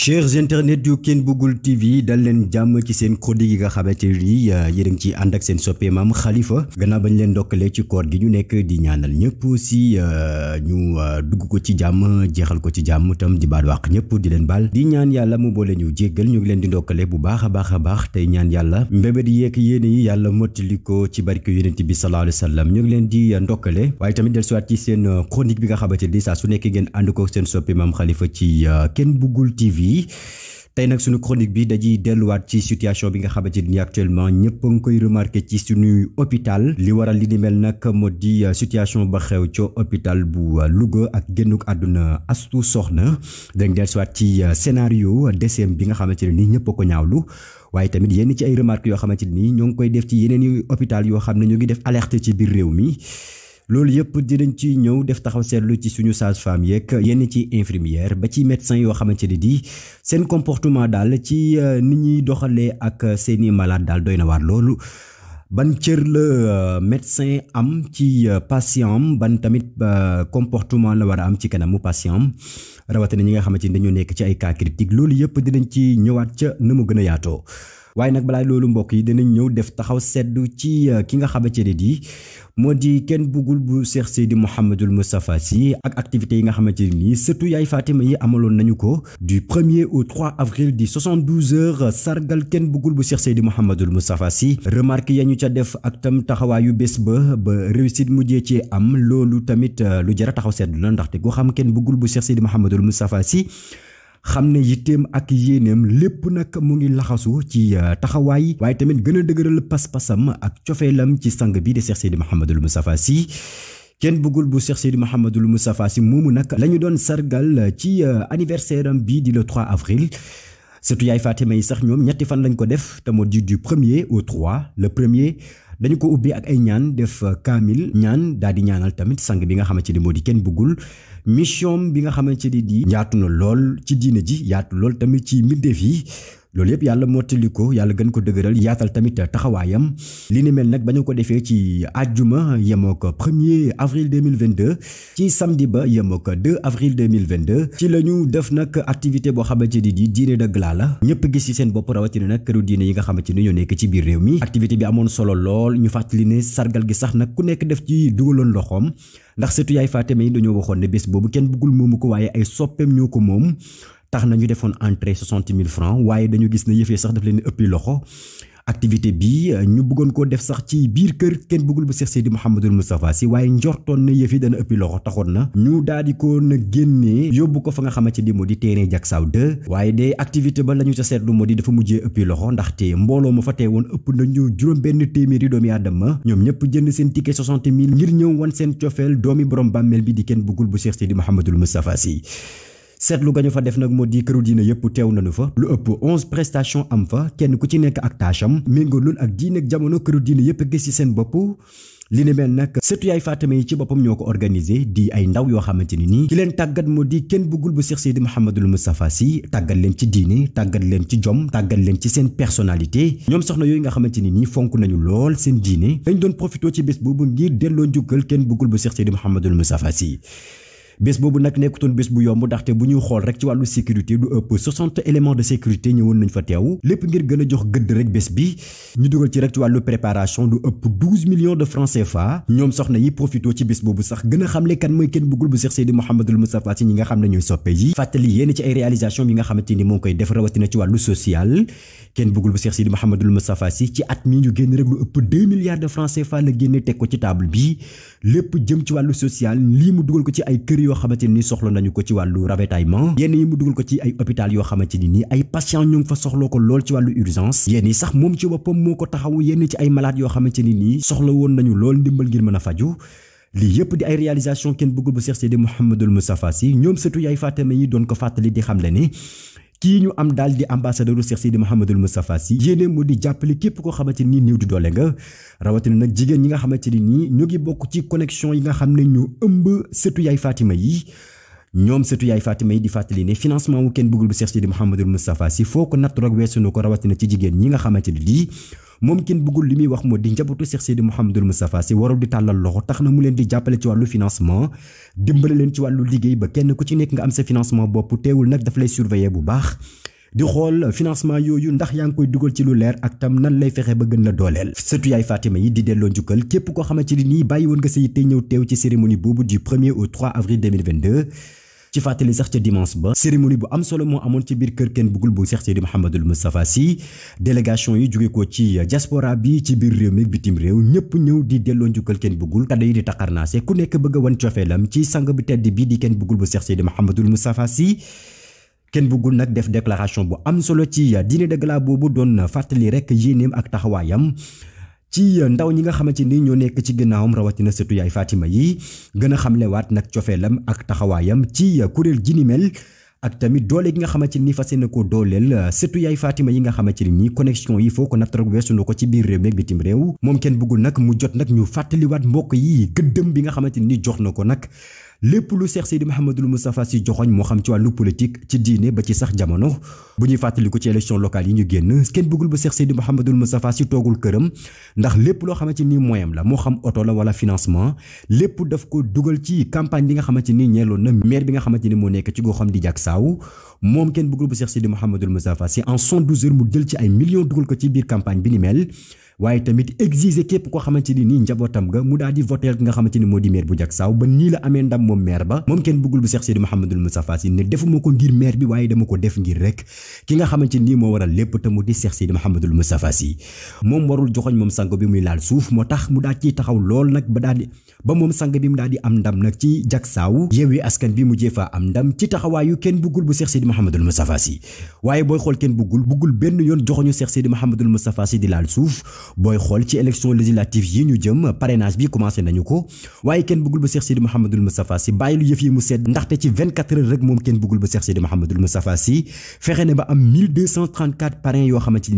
chers internet yu kenn bëggul TV dal leen jàmm ci seen chronique yi nga xamante ni euh, yéen ci ànd ak seen soppee maam Khalifa gannaaw bañ leen ndokkalee ci koor gi ñu nekk di ñaanal ñëpp aussi euh, ñu euh, dugg ko ci jàmm jeexal ko ci jàmm tam di baal wàq ñëpp di leen baal di ñaan yàlla mu boole ñu jéggal ñu leen di ndokkale bu baax baax a baax tey ñaan yàlla mbébét yeeg yéen yi yàlla mottali ko ci barke yonent bi sallallahu alayhi wa sallam ngi leen di ndokkale waaye tamit del seen chronique bi nga xamante ni saa su nekk ngeen ànd ko seen soppe maam Khalifa ci kenn bëggul TV tey nag suñu chronique bi dañuy delluwaat ci situation bi nga xamante ni actuellement ñëpp a ngi koy remarqué ci suñuy hôpital li waral li ni mel nag moo di euh, situation ba xew ca hôpital bu euh, Louga ak génnuk àdduna Astu Soxna dañ dellusiwaat ci euh, scénario décès bi nga xamante ne nii ñëpp ko ñaawlu waaye tamit yenn ci ay remarques yoo xamante ni ñoo ngi koy def ci yeneen i hôpital yoo xam ne ñoo ngi def alerte ci biir réew mi. loolu yëpp dinañ ci ñëw def taxaw seetlu ci suñu sage-femme yeeg yenn ci infirmière ba ci médecin yoo xamante ne di seen comportement daal ci euh, ni ñuy doxalee ak seeni malade daal doy na waat loolu ban cër la euh, médecin am ci euh, patient ban tamit comportement la war a am ci kanamu patient am rawatina ñi nga xamante ni dañoo nekk ci ay cas critiques loolu yëpp dinañ ci ñëwaat ca na mu gën a yaatoo waaye nag balaa loolu mbokk yi dinañ ñëw def taxaw seddu ci euh, ki nga xamante ne di moo di kenn buggul bu Cheikh Seydi Mouhamadul Moustapha si ak activité yi nga xamante ne nii surtout yaay Fatima yi amaloon nañu ko du 1er au 3 avril di 72 heures sargal kenn buggul bu Cheikh Seydi Mouhamadul Moustapha si remarque ya ñu ca def ak tam taxawaayu bés ba ba réussite mujjee ci am loolu tamit euh, lu jar a taxaw seddu la ndaxte ko xam kenn buggul bu Cheikh Seydi Mouhamadul Moustapha Sy xam ne yitteem ak yéeneem lépp nag mu ngi laxasu ci euh, taxawaay waaye tamit gën a dëgëral pas-pasam ak cofeelam ci sang bi di Cheikh Seydi Mouhamadul Moustapha Sy kenn bëggul bu Cheikh Seydi Mouhamadul Moustapha Sy moomu nag la ñu doon sargal euh, ci euh, anniversaire am bii di la 3 avril surtout yaay Fatima yi sax ñoom ñetti fan lañ ko def te moo di du premier au 3 le premier dañu ko ubbi ak ay ñaan def euh, kaamil ñaan daal di ñaanal tamit sang bi nga xamante ni moo di kenn buggul mission bi nga xamante ni di yaatu na lool ci diine ji yaatu lool tamit ci mbindeef yi loolu yëpp yàlla mottali ko yàlla gën ko dëgëral yaatal tamit taxawaayam li ni mel nag ba ñu ko defee ci àjjuma yemoo ko 1er avril 2022 ci samedi ba yemoo ko 2 avril 2022 ci la ñu def nag activité boo xamante ni di diine dëgg laa la ñëpp gis ci seen bopp rawatina nag këru diine yi nga xamante ni ñoo nekk ci biir réew mi activité bi amoon solo lool ñu fàttali ne sargal gi sax nag ku nekk def ci dugaloon loxoom ndax surtout yaay Fatima yi dañoo waxoon ne bés boobu kenn bëggul moomu ko waaye ay soppeem ñoo ko moom tax na ñu defoon entrée soixante mille francs waaye dañu gis ne yëfee sax daf leen ëpp loxo activité bi euh, ñu bëggoon koo def sax ci biir kër kenn bëggul bu Seex Seydi Mouhamadul Moustapha si waaye njortoon na yëf yi dana ëppi taxoon na ñu daal di ko na génnee yóbbu ko fa nga xamante ni moo di terrain Diacksao 2 waaye de activité ba la ñu ca seetlu moo di dafa mujjee ëppi loxo ndaxte mbooloo ma fa tee woon ëpp nañu juróom benn téeméeri doomi aadama ñoom ñëpp jënd seen ticket 60 mille ngir ñëw wan seen cofeel doomi borom bàmmeel bi di kenn bëggul bu Seex Seydi Mouhamadul Moustapha si seetlu ga ñu fa def nag moo di këru diine yëpp teew nañu fa lu ëpp onze prestation am fa kenn ku ci nekk ak tâcham méngalul ak diine jamono këru diine yëpp gis ci seen bopp li ne mel nag surtout yaay Faatime yi ci boppam ñoo ko organisé di ay ndaw yoo xamante ni nii ki leen tàggat moo di kenn bëggul bu Cheikh Seydi Mouhamadul Moustapha Sy tàggat leen ci diine tàggat leen ci jom tàggat leen ci seen personnalité ñoom soxna yooyu nga xamante ni nii fonk nañu seen diine dañ doon profité ci bés boobu ngir delloo njukkal kenn bëggul bu Cheikh Seydi Mouhamadul Moustapha Sy bés boobu nag nekkutoon bés bu yomb ndaxte bu ñuy xool rek ci wàllu sécurité du ëpp 60 éléments de sécurité ñëwoon nañ fa teew lépp ngir gën a jox gëdd rek bés bi ñu dugal ci rek ci wàllu préparation du ëpp 12 millions de francs CFA ñoom soxna yi profito ci bés boobu sax gën a xamle kan mooy kenn bëggul bu Cheikh Seydi Mouhamadoul Moustapha Sy ñi nga xam ne ñooy soppe yi fàttali yéen ci ay réalisation yi nga xamante ni moo koy def rawatina ci wàllu social kenn bëggul bu Cheikh Seydi Mouhamadoul Moustapha Sy ci at mi ñu rek lu ëpp 2 de francs CFA génne teg ko ci bi lépp jëm ci wàllu social lii mu dugal ko ci ay kër yoo xamante ni soxla nañu ko ci wàllu ravitaillement yenn yi mu dugal ko ci ay hôpital yoo xamante ni nii ay patient ñu ko lool ci wàllu urgence yenn yi sax moom ci boppam moo ko taxaw yenn ci ay malade yoo xamante ni nii soxla woon nañu lool ndimbal ngir mën a faju lii yëpp di ay réalisation kenn bëggul bu Cheikh Seydi Mouhamadul Moustapha Sy ñoom surtout yaay fàttame yi doon ko fàttali di xam xamle ni kii ñu am daal di ambassadeuru Cheikh Sidi Mouhamadul Moustapha Sy yéene mu di jàppale képp ko xamante ni néew di doole nga rawatina nag jigéen ñi nga xamante ni nii ñu ngi bokk ci connexion yi nga xam ne ñu ëmb sëtu yaay faatima yi ñoom sëtu yaay Fatima yi di fàttali ne financement wu kenn bëggul bu Cheikh Sidi Mouhamadul Moustapha Sy foo ko natt rek weesu na ko rawatina ci jigéen ñi nga xamante ni lii moom kenn bëggul li muy wax moo di njabootu Cheikh Seydi Mouhamadul Moustapha Sy warul di tàllal loxo tax na mu leen di jàppale ci wàllu financement dimbale leen ci wàllu liggéey ba kenn ku ci nekk nga am sa financement bopp teewul nag daf lay surveiller bu baax di xool financement yooyu ndax yaa ngi koy dugal ci lu leer ak tam nan lay fexe ba gën la dooleel surtout yaay Fatima yi di delloo njukkal képp koo xamante ni nii bàyyi woon nga sa yitte ñëw teew ci cérémonie boobu du 1er au 3 avril 2022 ci fàttali sax ca dimanche ba cérémonie bu am solo moo amoon ci biir kër kenn bëggul bu Cheikh Seydi Mouhamadul Moustapha Sy délégation yi jóge ko ci diaspora bi ci biir réew mi bitim réew ñëpp ñëw di delloo njukkal kenn bëggul kaddu yi di taqarnaase ku nekk bëgg a wan cofeelam ci sang bu tedd bi di kenn bëggul bu Cheikh Seydi Mouhamadul Moustapha si kenn bëggul nag def déclaration bu am solo ci dina de gala boobu doon fàttali rek yéeneem ak taxawaayam ci ndaw ñi nga xamante ni ñoo nekk ci ginnaawam rawatina sëtu yaay faatima yi gën a xamlewaat nag cofeelam ak taxawaayam ci kuréel gi ni mel ak tamit doole gi nga xamante ni fas yéene ko dooleel sëtu yaay Fatima yi nga xamante nii connexion yi foo ko natt rek weesu na ko ci biir réew mi ak bitim réew moom kenn bëggul nag mu jot nag ñu fàttali waat mbokk yi gëddëm bi nga xamante nii jox na ko nag. lépp lu Cheikh Seydi Mouhamadul Moustapha Sy joxoñ moo xam ci wàllu politique ci diine ba ci sax jamono bu ñuy fàttaliku ci élection locale yi ñu génn kenn bëggul ba Cheikh Seydi Mouhamadul Moustapha Sy toogul këram ndax lépp loo xamante ni moyen la moo xam oto la wala financement lépp daf ko dugal ci campagne bi nga xamante ni ñeeloon na maire bi nga xamante ni moo nekk ci goxam di Diacksao moom kenn bëggul ba Cheikh Seydi Mouhamadul Moustapha Sy en 112 jël ci ay millions dugal ko ci biir campagne bi ni waaye tamit exiger képp koo xamante ni nii njabootam nga mu daal di voter ki nga xamante ni moo di maire bu Diacksao ba nii la amee ndam moom maire ba moom kenn bëggul bu Cheikh Seydi Mouhamadou Moustapha Sy ne defuma ko ngir maire bi waaye dama ko def ngir rek ki nga xamante ni moo waral lépp te mu di Cheikh Seydi Mouhamadou Moustapha Sy moom warul joxoñ moom sango bi muy laal suuf moo tax mu daal ciy taxaw lool nag ba daal di ba moom sang bi mu daal di am ndam nag ci jagsaaw Yewwi Askan bi mujjee fa am ndam ci taxawaayu kenn buggul bu Cheikh Sidi Mouhamadul Moustapha Sy waaye booy xool kenn buggul buggul benn yoon joxuñu Cheikh Sidi Mouhamadul Moustapha Sy di laal suuf booy xool ci élection législative yi ñu jëm parrainage bi commencé nañu ko waaye kenn buggul bu Cheikh Sidi Mouhamadul Moustapha Sy bàyyilu yëf yi mu sedd ndaxte ci 24 heures rek moom kenn buggul bu Cheikh Sidi Mouhamadul Moustapha Sy fexe ne ba am 1234 parrain yoo xamante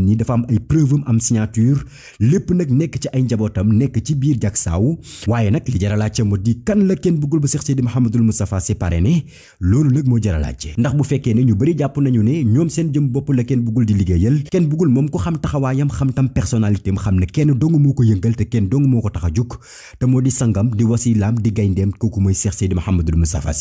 lépp nag nekk ci ay njabootam nekk ci biir jagsaaw waaye nag li jar di kan la kenn bëggul ba Cheikh Seydi Mouhamadoul Moustapha Sy parrainé loolu nag moo jar a laajte ndax bu fekkee ne ñu bëri jàpp nañu ne ñoom kenn bëggul di liggéeyal kenn bëggul moom ko xam taxawaayam xam tam personnalité am ne kenn ko yëngal te kenn dong moo ko tax a jóg te moo di sangam di wasilaam di gayndeem kooku mooy Cheikh Seydi Mouhamadoul Moustapha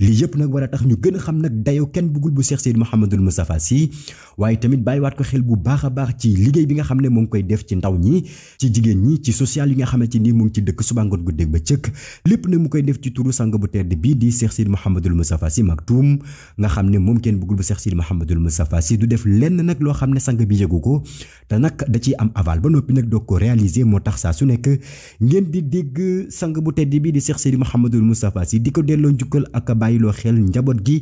yëpp nag war a tax ñu gën xam nag dayoo kenn bëggul bu Cheikh Seydi Mouhamadoul Moustapha Sy waaye tamit bàyyiwaat ko xel bu baax a baax ci liggéey bi nga xam ne moo ngi koy def ci ndaw ñi ci jigéen ñi ci social yi nga xamante ni mu ngi ci dëkk subangoon gudde guddeeg bëccëg lépp nag mu koy def ci turu sang bu tedd bii di Cheikh Sidi Mouhamadul Moustapha Sy Maktoum nga xam ne moom kenn bëggul bu Cheikh Sidi Mouhamadul Moustapha Sy du def lenn nag loo xam ne sang bi yëgu ko te nag da ciy am aval ba noppi nag doog ko réaliser moo tax saa su nekk ngeen di dégg sang bu tedd bii di Cheikh Sidi Mouhamadul Moustapha Sy di ko delloo njukkal ak a bàyyiloo xel njaboot gi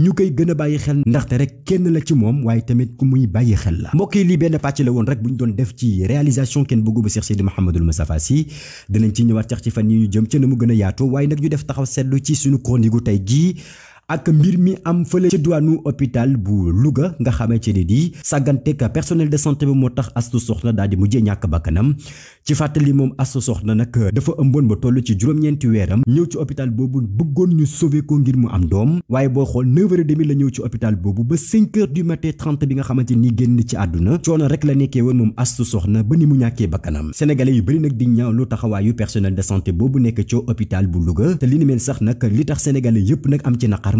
ñu koy gën a bàyyi xel ndaxte rek kenn la ci moom waaye tamit ku muy bàyyi xel la mbokk yi lii benn pàcc la woon rek bu ñu doon def ci réalisation kenn bëggu ba Cheikh Seydi Mouhamadoul Moustapha Sy ci ñëwaat sax ci fan yi ñu jëm ci na mu gën a yaatoo waaye nag ñu def taxaw seetlu ci suñu chronique gu tey jii ak mbir mi am fële ci diwaanu hôpital bu Louga nga xamante ne nii sàgganteeg personnel de santé bi moo tax Astu Soxna daal di mujjee ñàkk bakkanam ci fàttali moom Astu Soxna nag dafa ëmboon ba toll ci juróom-ñeenti ñëw ci hôpital boobu bëggoon ñu sauver ngir mu am doom waaye boo xool 9h30 la ñëw ci hôpital boobu ba 5h bi nga xamante ni génn ci àdduna coono rek la nekkee woon moom Astu Soxna ba ni mu ñàkkee bakkanam sénégalais yu bëri di ñaaw lu taxawaayu personnel de santé boobu nekk ci hôpital bu Louga te li ni mel sax nag li tax sénégalais yëpp nag am ci naqar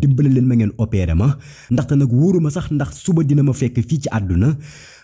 dimbale leen ma ngeen opéré ma ndaxte nag wóoru ma sax ndax suba dina ma fekk fii ci adduna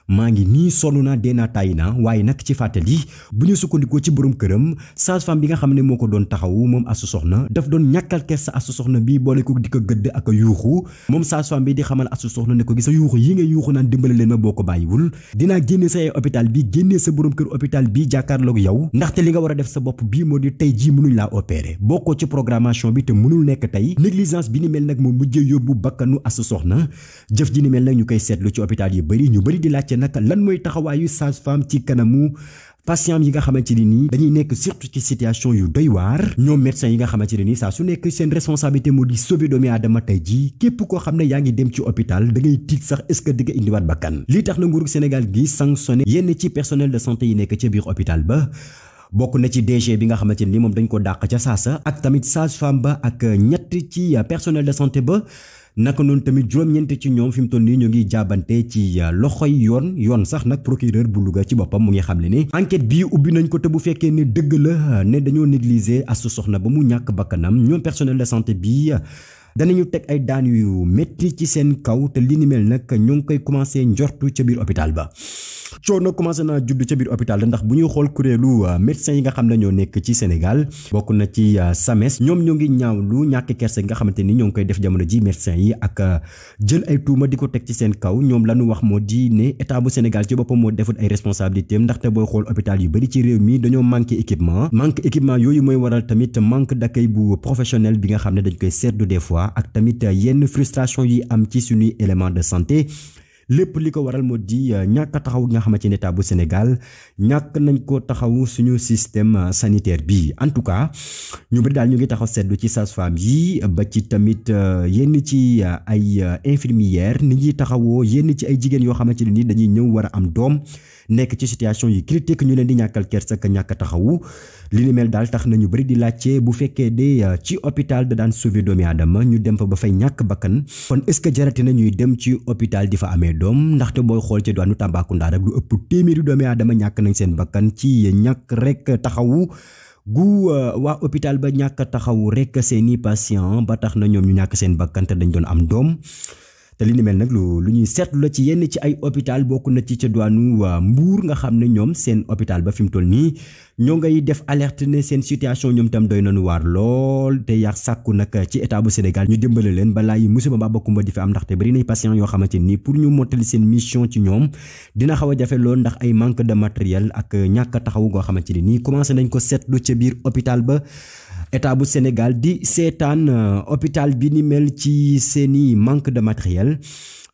maa ngi nii sonn naa dee naa tàyyi naa waaye nag ci fàttali bu ñu sukkandikoo ci borom këram sage-femme bi nga xam ne moo ko doon taxawu moom asu soxna daf doon ñàkkal kersa asu soxna bi boole di ko gëdd ak yuuxu moom sage-femme bi di xamal asu soxna ne ko sa yuuxu yi nga yuuxu naan dimbale leen ma boo ko bàyyiwul dinaa génne sa hôpital bi génne sa borom kër hôpital bi jàkkaarloog yow ndaxte li nga war a def sa bopp bii moo di tey jii mënuñ laa opéré bokkoo ci programmation bi te mënul nekk tey négligence bi ni mel nag moo mujjee yóbbu bakkanu asu soxna jëf ni mel nag ñu koy seetlu ci hôpital yu bëri ñu bëri di laajte laajte lan mooy taxawaayu sage-femme ci kanamu patient yi nga xamante ne nii dañuy nekk surtout ci situation yu doy waar ñoom médecin yi nga xamante ne nii saa su nekk seen responsabilité moo di sauver doomi dama tey jii képp koo xam ne yaa ngi dem ci hôpital da ngay tiit sax est-ce que di nga indiwaat bakkan li tax na nguurug Sénégal gi sanctionné yenn ci personnel de santé yi nekk ca biir hôpital ba bokk na ci DG bi nga xamante ni moom dañ ko dàq ca saasa ak tamit sage-femme ba ak ñett ci personnel de santé ba naka noonu tamit juróom-ñeent ci ñoom fi mu toll nii ñu ngiy jaabante ci euh, loxo yoon yoon sax nag procureur bu Louga ci boppam mu ngi xam le ni enquête bii ubbi nañ ko te bu fekkee ne dëgg la euh, ne dañoo négliger asu soxna ba mu ñàkk bakkanam ñoom personnel de santé bi euh, danañu teg ay daan yu métti ci seen kaw te li ni mel nag ñoo ngi koy commencé njortu ca biir hôpital ba coono commencé naa judd ca biir hôpital ndax bu ñuy xool kuréelu euh, médecin yi nga xam ne ñoo nekk ci Sénégal bokk na ci euh, SAMES ñoom ñoo ngi ñaaw ñaawlu ñàkk kerse nga xamante ni ñoo ngi koy def jamono ji médecin yi ak euh, jël ay tuuma di ko teg ci seen kaw ñoom lañu wax moo di ne état bu Sénégal ci boppam moo defut ay responsabilités ndaxte booy xool hôpital yu bëri ci réew mi dañoo manqué équipement manque équipement yooyu mooy waral tamit manque d'accueil bu professionnel bi nga xam ne dañ koy seetlu des fois ak tamit yenn frustration yi am ci suñuy élément de santé lépp li ko waral moo di euh, ñàkk taxaw gi nga xamante ne état bu Sénégal ñàkk nañ ko taxaw suñu système euh, sanitaire bi en tout cas ñu bari daal ñu ngi taxaw seetlu ci sage-femme yi ba ci tamit euh, yenn ci ay infirmières nit ñuy taxawoo yenn ci ay jigéen yoo xamante ne nii dañuy ñëw war a am doom. nekk ci situation yi critique ñu leen di ñàkkal kersa ak ñàkk taxawu li ni mel daal tax nañu ñu bëri di laajte bu fekkee de euh, ci hôpital da daan sauver doomi aadama ñu dem fa ba fay ñàkk bakkan kon est-ce que jarati na ñuy dem ci hôpital di fa amee doom ndaxte booy xool ci doonu Tambacounda rek lu ëpp téeméeri doomi adama ñàkk nañ seen bakkan ci ñàkk rek taxawu. gu euh, waa hôpital ba ñàkk taxawu rek seeni patient ba tax na ñoom ñu ñàkk seen bakkan te dañ doon am doom te li ni mel nag lu lu ñuy seetlu la ci yenn ci ay hôpital bokk na ci ca duwaanu waa Mbuur nga xam ne ñoom seen hôpital ba fi mu toll nii ñoo ngay def alerte ne seen situation ñoom tam doy nañu waar lool te yar sàkku nag ci état bu Sénégal ñu dimbale leen balaa yi musiba mbaa bakkumba di fi am ndaxte bari nay patient yoo xamante ni pour ñu mottali seen mission ci ñoom dina xaw a jafe lool ndax ay manque de matériel ak ñàkk taxaw goo xamante ni nii commencé nañ ko seetlu ca biir hôpital ba état bu Sénégal di seetaan euh, hôpital bi ni mel ci seeni manque de matériel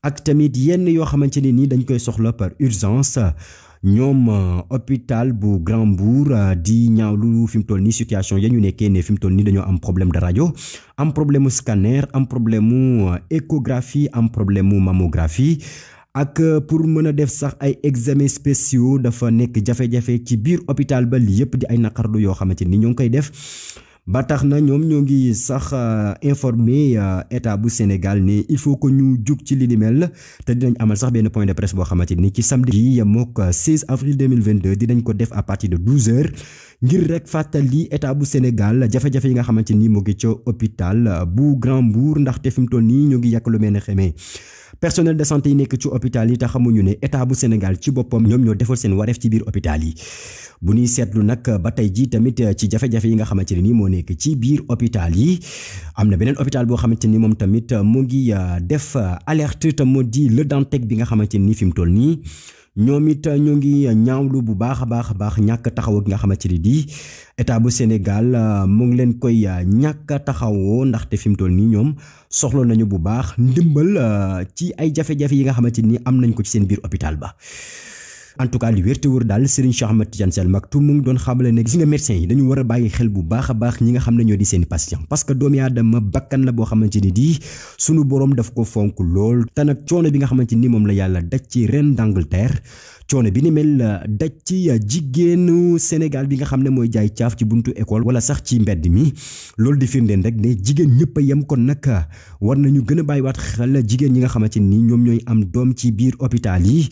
ak tamit yenn yoo xamante ne ni dañ koy soxla par urgence ñoom euh, hôpital bu Grand buur euh, di ñaawlu fi mu toll nii situation ya ñu nekkee ne fi mu toll nii dañoo am problème de rajo am problème mu scanner am problème mu échographie am problème mu mammographie ak pour mën a def sax ay examens spéciaux dafa nekk jafe-jafe ci biir hôpital ba lii yëpp di ay naqardo yoo xamante ni ñoo ngi koy def. ba tax na ñoom ñoo ngi sax euh, informé euh, état bu Sénégal nii il faut que ñu jug ci li ni te dinañ amal sax benn point de presse boo xamante ni ci samedi yi yemook 16 avril 2022 dinañ ko def à partir de 12 heures ngir fàttal fàttali état bu Sénégal jafe-jafe yi nga xamante ni mu ngi ca hôpital bu Grand Mbour ndaxte fi mu toll nii ñoo ngi yàq lu mel ne xamee personnel de santé yi nekk ci hôpital yi te xamuñu ne état bu Sénégal ci boppam ñoom ñoo defal seen wareef ci biir hôpital yi bu ñuy seetlu nag ba tey jii tamit ci jafe-jafe yi nga xamante ne nii moo nekk ci biir hôpital yi am na beneen hôpital boo xamante ni moom tamit mu ngi euh, def euh, alerte te moo di Le Dantec bi nga xamante ni fi mu toll nii ñoom it ñu ngi ñaawlu bu baax a baax a baax ñàkk taxaw ki nga xamante ni di état bu Sénégal euh, mu ngi leen koy euh, ñàkk taxawoo ndaxte fi mu toll nii ñoom soxla nañu bu baax ndimbal euh, ci ay jafe-jafe yi nga xamante ni am nañ ko ci seen biir hôpital ba. en tout cas li wér te wër daal Serigne Cheikh Ahmed Tidiane Sy Al Maktoum mu ngi doon xamale ne gis nga médecin yi dañu war a bàyyi xel bu baax a baax ñi nga xam ne ñoo di seeni patient parce que doomi aadama bakkan la boo xamante ni di suñu boroom daf ko fonk lool te nag coono bi nga xamante ni moom la yàlla daj ci reine d'Angleterre coono bi ni mel daj ci jigéenu Sénégal bi nga xam ne mooy jaay caaf ci buntu école wala sax ci mbedd mi loolu di firndeen rek ne jigéen ñëpp a yem kon nag war nañu gën a bàyyiwaat xel jigéen ñi nga xamante ni ñoom ñooy am doom ci biir hôpital yi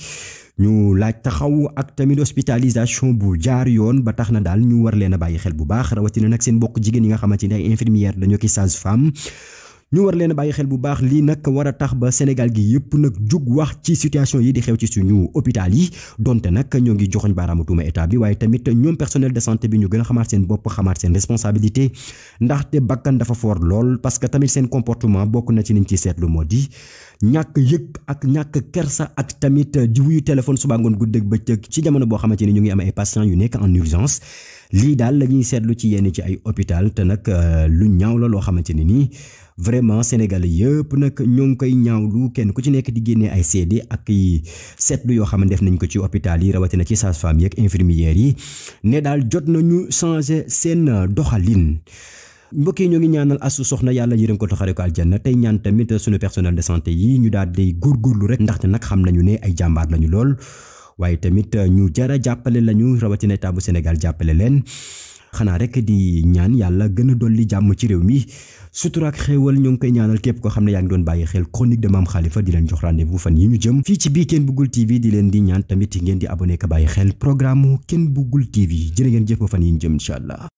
ñu laaj taxaw ak tamit hospitalisation bu jaar yoon ba tax na daal ñu war leen a bàyyi xel bu baax rawatina nag seen bokk jigéen yi nga xamante ni ay infirmière dañoo ki sage ñu war leen a bàyyi xel bu baax lii nag war a tax ba Sénégal gi yëpp nag jug wax ci situation yi di xew ci suñu hôpital yi donte nag ñoo ngi joxoñ baaraamu tuuma état bi waaye tamit ñoom personnel de bi ñu gën a xamaat seen bopp xamaat seen responsabilité ndaxte bakkan dafa foor lool parce que tamit seen comportement bokk na ci niñ ci seetlu moo di ñàkk yëg ak ñàkk kersa ak tamit di wuyu téléphone suba ngoon guddeeg bëccëg ci jamono boo xamante ni ñu ngi am ay patients yu nekk en urgence lii daal la ñuy seetlu ci yenn ci ay hôpital te nag euh, lu ñaaw la loo xamante ne nii vraiment sénégalais yëpp nag ñoo ngi koy ñaawlu kenn ku ci nekk di génnee ay seede ak i seetlu yoo xam ne def nañ ko ci hôpital yi rawatina ci sages-femmes yi ak infirmières yi ne daal jot nañu changer seen doxalin. mbokk yi ñoo ngi ñaanal asu soxna yàlla yërëm ko taxare ko aljanna tey ñaan tamit suñu personnel de santé yi ñu daal di góorgóorlu rek ndaxte nag xam nañu ne ay jàmbaar lañu lool waaye tamit ñu jara jàppale lañu rawatina état bu jàppale leen. xanaa rek di ñaan yàlla gën a dolli jàmm ci réew mi sutura ak xéewal ñoo ngi koy ñaanal képp koo xam ne yaa ngi doon bàyyi xel chronique de Mame Khalifa di leen jox rendez-vous fan yi ñu jëm fii ci bii Ken Bougoul TV di leen di ñaan tamit ngeen di abonné ka bàyyi xel programme Ken Bougoul TV jërë ngeen jëf fan yi ñu jëm incha allah